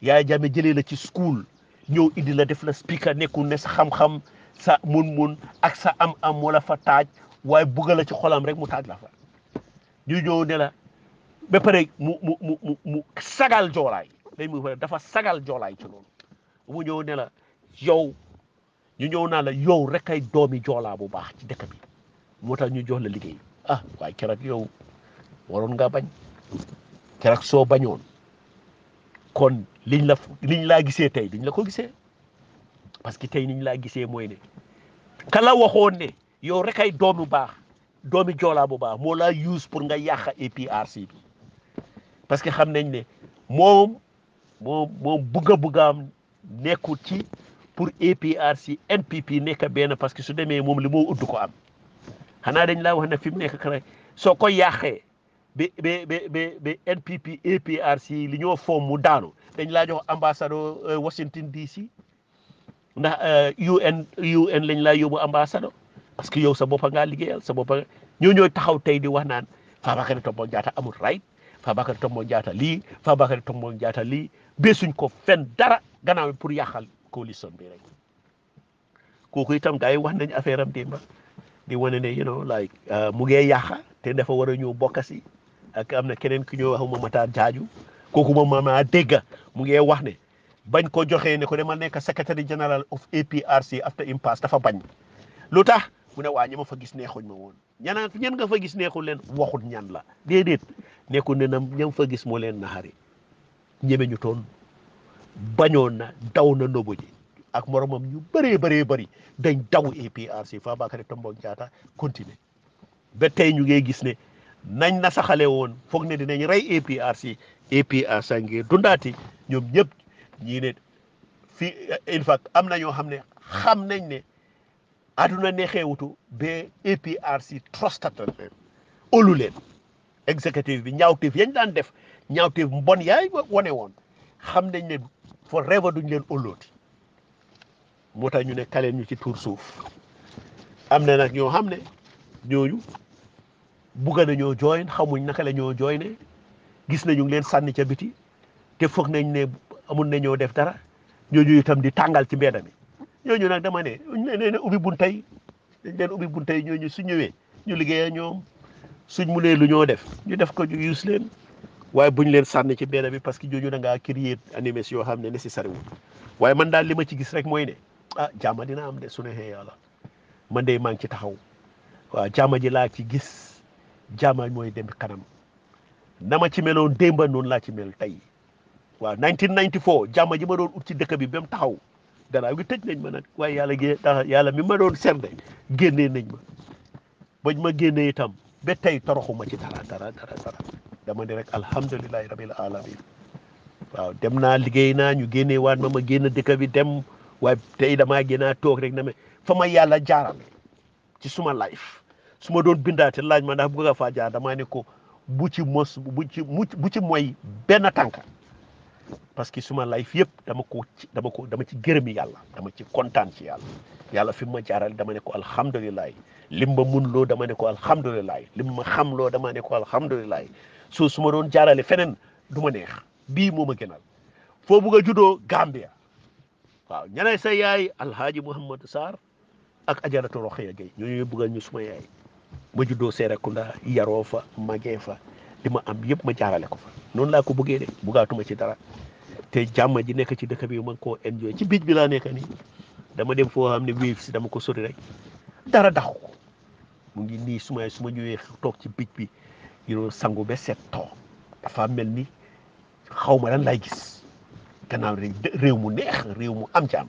yaay jaame jëlee la ci school ñëw indi la def la speaker nekkul ne sa xam-xam sa mun-mun ak sa am-am wala fa taaj waaye bugga la ci xolam rek mu taaj la fa ñu ñëw ne la ba pare mu mu mu sagal joolaay day mu dafa sagal joolaay ñëw ne la yow ñu ñëw naa la yow rek ay doomi joolaa bu baax ci dëkk bi moo tax ñu jox la liggéey ah waaye keroog yow waroon nga bañ keroog soo bañoon kon liñ la liñ laa gisee tey duñ la ko gisee parce que tey niñ laa gisee mooy ne kala waxoon ne yow rek ay doom bu baax doomi joolaa bu baax moo laa use pour nga yàq APRC bi parce que xam nañ ne moom moom moom bugg a buggaam nekkul ci pour APRC NPP nekk benn parce que su demee moom li moo udd ko am xanaa dañ laa wax ne fi mu nekk soo ko yàqee ba ba ba ba NPP APRC li ñoo foom mu daanu dañ laa jox ambassadeur euh, Washington DC ndax UN euh, UN lañ laa yóbbu ambassadeur parce que yow sa bopp ngaa liggéeyal sa bopp ñoo ñooy taxaw tey di wax naan Fabakary Tombong jaata amul right Fabakary Tombong Jatta lii Fabakary Tombong Jatta lii beesuñ ko fen dara gannaaw pour yàqal coalition bi rek kooku itam gars yi wax nañ affaire am démba di wane ne you know like euh, mu ngee yàqa te dafa war a ñëw bokk si ak am na keneen ku ñëw waxuma Matar Jaaju kooku moom maa dégg mu ngee wax ne bañ ko joxe ne ko dama nekk secretary general of APRC after impasse dafa bañ lu mu ne waa ñi ma fa gis neexuñ ma woon ñana ñan nga fa gis neexul leen waxut ñan la déedéet nekkul ne na ñam fa gis moo leen naxari ñeme ñu toon bañoon na daw na nobo ji ak moromam ñu bëree bëree bëri dañ daw APRC Fabakary Tombong Jatta continuer ba tey ñu ngi gis ne nañ na saxale woon foog ne nañ rey APRC APRC ngir dundaati ñoom ñëpp ñii ne fii in fact am na xam ne xam nañ ne aduna neexeewutu ba APRC trostatal leen óolu leen exécutif bi ñaawteef yañ daan def ñaw ñaawteef mbon yaay wone woon xam nañ ne forever duñ leen óolooti moo ñu ne kaleen ñu ci tuur suuf am na nag ñoo xam ne ñooñu bugga nañoo join xamuñ naka la ñoo joine gis na ñu leen sànni ca biti te foog nañ ne amul nañoo def dara ñooñu itam di tàngal ci mbedd mi ñooñu nag dama nee na ubbi buntay dañ leen ubbi buntay ñooñu su ñëwee ñu liggéey ak ñoom suñ mu nee lu ñoo def ñu def ko ñu waaye buñ leen sànni ci benn bi parce que jooju da ngaa créer animés yoo xam ne nécessaire wul waaye man daal li ma ci gis rek mooy ne ah jàmm dina am de su neexee man de maa ngi ci taxaw waaw jàmm ji laa ci gis jàmm mooy dem kanam na ci meloon démba noonu laa ci mel tey waaw 1994 jàmm ji ma doon ut ci dëkk bi ba taxaw. gannaaw gi tej nañ ma nag waaye yàlla gé tax ah, mi ma doon serde génnee nañ ma bañ ma génnee itam ba tey toroxuma ci dara dara dara dara dama ne rek alhamdulilahi rabil alamin waaw dem naa liggéey naa ñu génnee waat ma ma génn dëkk bi dem waaye tey damaa génnaa toog rek na ma fa ma yàlla jaaral ci suma life su ma doon bindaate laaj ma ndax bëgg a faa jaar damaa ne ko bu ci mos bu ci bu ci mooy benn tànk parce que suma life yëpp dama ko ci dama ko dama ci gërëm yàlla dama ci kontaan ci yàlla yàlla fi mu ma jaaral dama ne ko alhamdulilah lim ma mun loo dama ne ko alhamdulilah lim ma xam loo dama ne ko alhamdulilah soo su ma doon jaarale feneen duma ma neex bii moo ma gënal foo bugg a juddoo Gambia waaw ñeneen sa yaay Alhaji Mouhamadou Sarr ak Ajaratu Roxaya Gay ñooñu buggal ñu suma yaay ma juddoo Serekunda yaroo fa magee fa li ma am yëpp ma jaarale ko fa noonu laa ko bëggee de bëggaatuma ci dara te jàmm ji nekk ci dëkk bi ma koo enjoy ci biij bi laa nekk nii dama dem foo xam ne wéef dama ko sori rek dara daxu mu ngi nii su ma suma ma toog ci biij bi yow sangu be set toog dafa mel ni xaw ma lan laay gis gannaaw mu neex réew mu am jàmm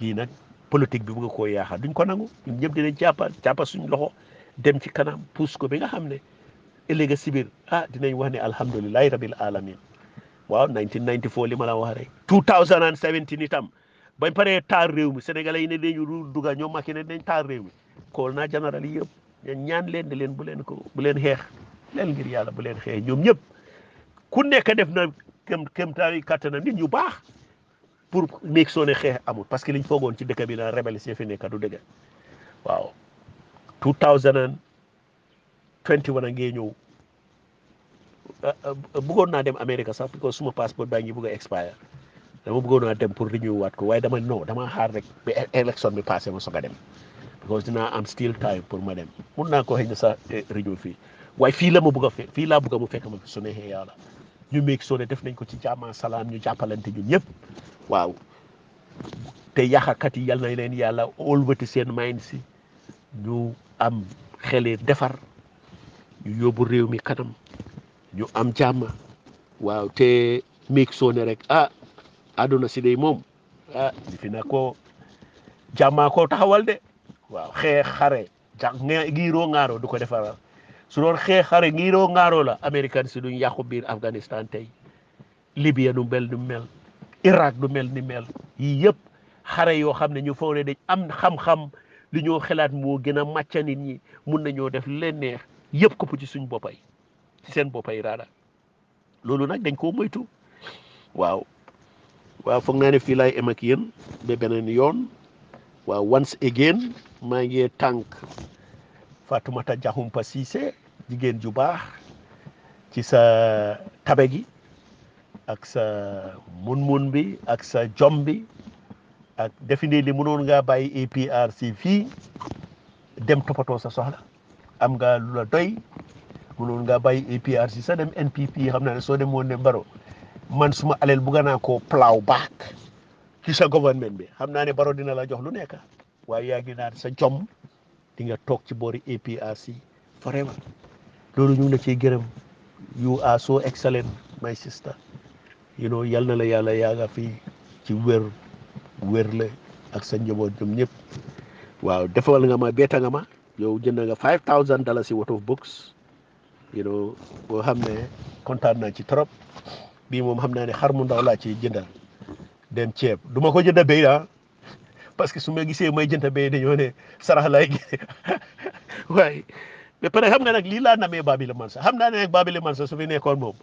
lii nag politique bi bu ko koo duñ ko nangu ñun ñëpp dinañ jàppa jàppa suñ loxo dem ci kanam puus ko bi nga xam ne. ëllëg si biir ah dinañ wax ne alhamdulilahi rabil alamin waaw 1994 li ma la wax rek 2017 itam bañ paree taar réew mi sénégalais yi ne dañu duga ñoo Macky ne dañ taar réew mi kool naa général yi ñaan leen ne leen bu leen ko bu leen xeex leen yàlla bu leen xeex ñoom ñëpp ku nekk def na kem kem taari kattanam nit ñu baax pour meeg soo ne xeex amul parce que liñ foogoon ci dëkk bi la rébellion fi nekk du dëgg waaw twenty one a ngee ñëw ah, ah, ah, bëggoon naa dem Amérique sax parce que suma passeport baa ngi bëgg a expire dama bëggoon naa dem pour renew waat ko waaye dama noo dama xaar rek ba élection e-, bi passé ma soog a dem because dinaa am still time pour ma dem mun naa ko xëy na sax eh, renew fii waaye fii la ma bëgg fii laa bëgg a mu fekk ma fi su neexee yàlla ñu meeg soo def nañ ko ci jàmm salaam ñu jàppalante ñun ñëpp waaw te yàqakat yi yal na leen yàlla wëlbati seen mind si ñu am xele defar ñu yóbbul réew mi kanam ñu am jàmm waaw te miig soo rek ah àdduna si moom ah li fi na ko jàmmaa koo taxawal de waaw xeex xare ja giiroo ŋaaroo du ko defaral su doon xeex xare giiroo ŋaaroo la américaine si duñ yàqu biir Afghanistan tey Libya du mel ni mel Irak du mel ni mel yii yëpp xare yoo xam ne ñu foog ne dañ am xam-xam ñu ñoo xalaat moo gën a màcca nit ñi mun nañoo def leen neex yëpp ko ci suñ boppay ci seen boppay raada loolu nag dañ koo moytu waaw waaw foog naa ne fii laay em ak yéen beneen yoon waaw once again maa ngi tànk Fatoumata Diakhoumpa Ceesay jigéen ju baax ci sa tabe gi ak sa mun-mun bi ak sa jombi ak defe naa ni mënoon ngaa bàyyi APRC fii dem toppatoo sa soxla. am nga lu la doy mënoon nga bàyyi APRC sa dem NPP xam naa ne soo dem woon ne Barrow man suma aleel bugga naa ko plow back ci sa gouvernement bi xam naa ne baro dina la jox lu nekk waaye yaa ngi naan sa jom di nga toog ci boori APRC forever loolu ñu la ciy gërëm you are so excellent my sister you know yal na la yàlla yaa nga fi ci wér la ak sa njaboot ñoom ñëpp waaw defal nga ma beeta nga ma yow jënd nga five thousand dollars worth of books you know boo xam ne kontaan naa ci trop bii moom xam naa ne xar mu ndaw laa ci jëndal dem ceeb duma ko jënd béy ah parce que su ma gisee may jënd béy dañoo ne sarax laay génne waaye ba pare xam nga nag lii laa namee Babili Mansa xam naa ne nag Babili Mansa su fi nekkoon moom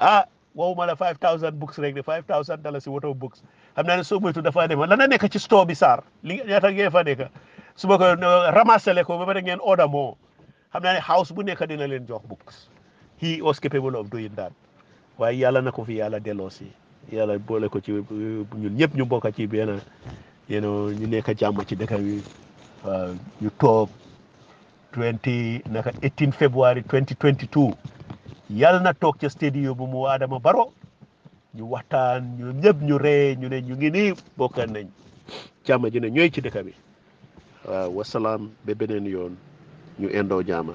ah wow ma la five thousand books rek de five thousand dollars worth of books xam naa ne soo moytu dafaa dem lan la nekk ci store bi saar li ñaata ngeen fa nekk. suba ko ramassele ko ba pare ngeen order moo xam na ne house bu nekk dina leen jox books he was capable of doing that waaye yàlla na ko fi yàlla delloo si yàlla boole ko ci uh, ñun ñëpp ñu bokk ci benn you know ñu nekk jàmm ci dëkk bi uh, ñu toog 20 naka 18 février 2022 yàlla na toog ca studio bu mu Adama Barrow ñu waxtaan ñu ñëpp ñu ree ñu ne ñu ngi nii bokkan nañ jàmm ji ne ñooy ci dëkk bi waaw wasalaam ba beneen yoon ñu indoo jaama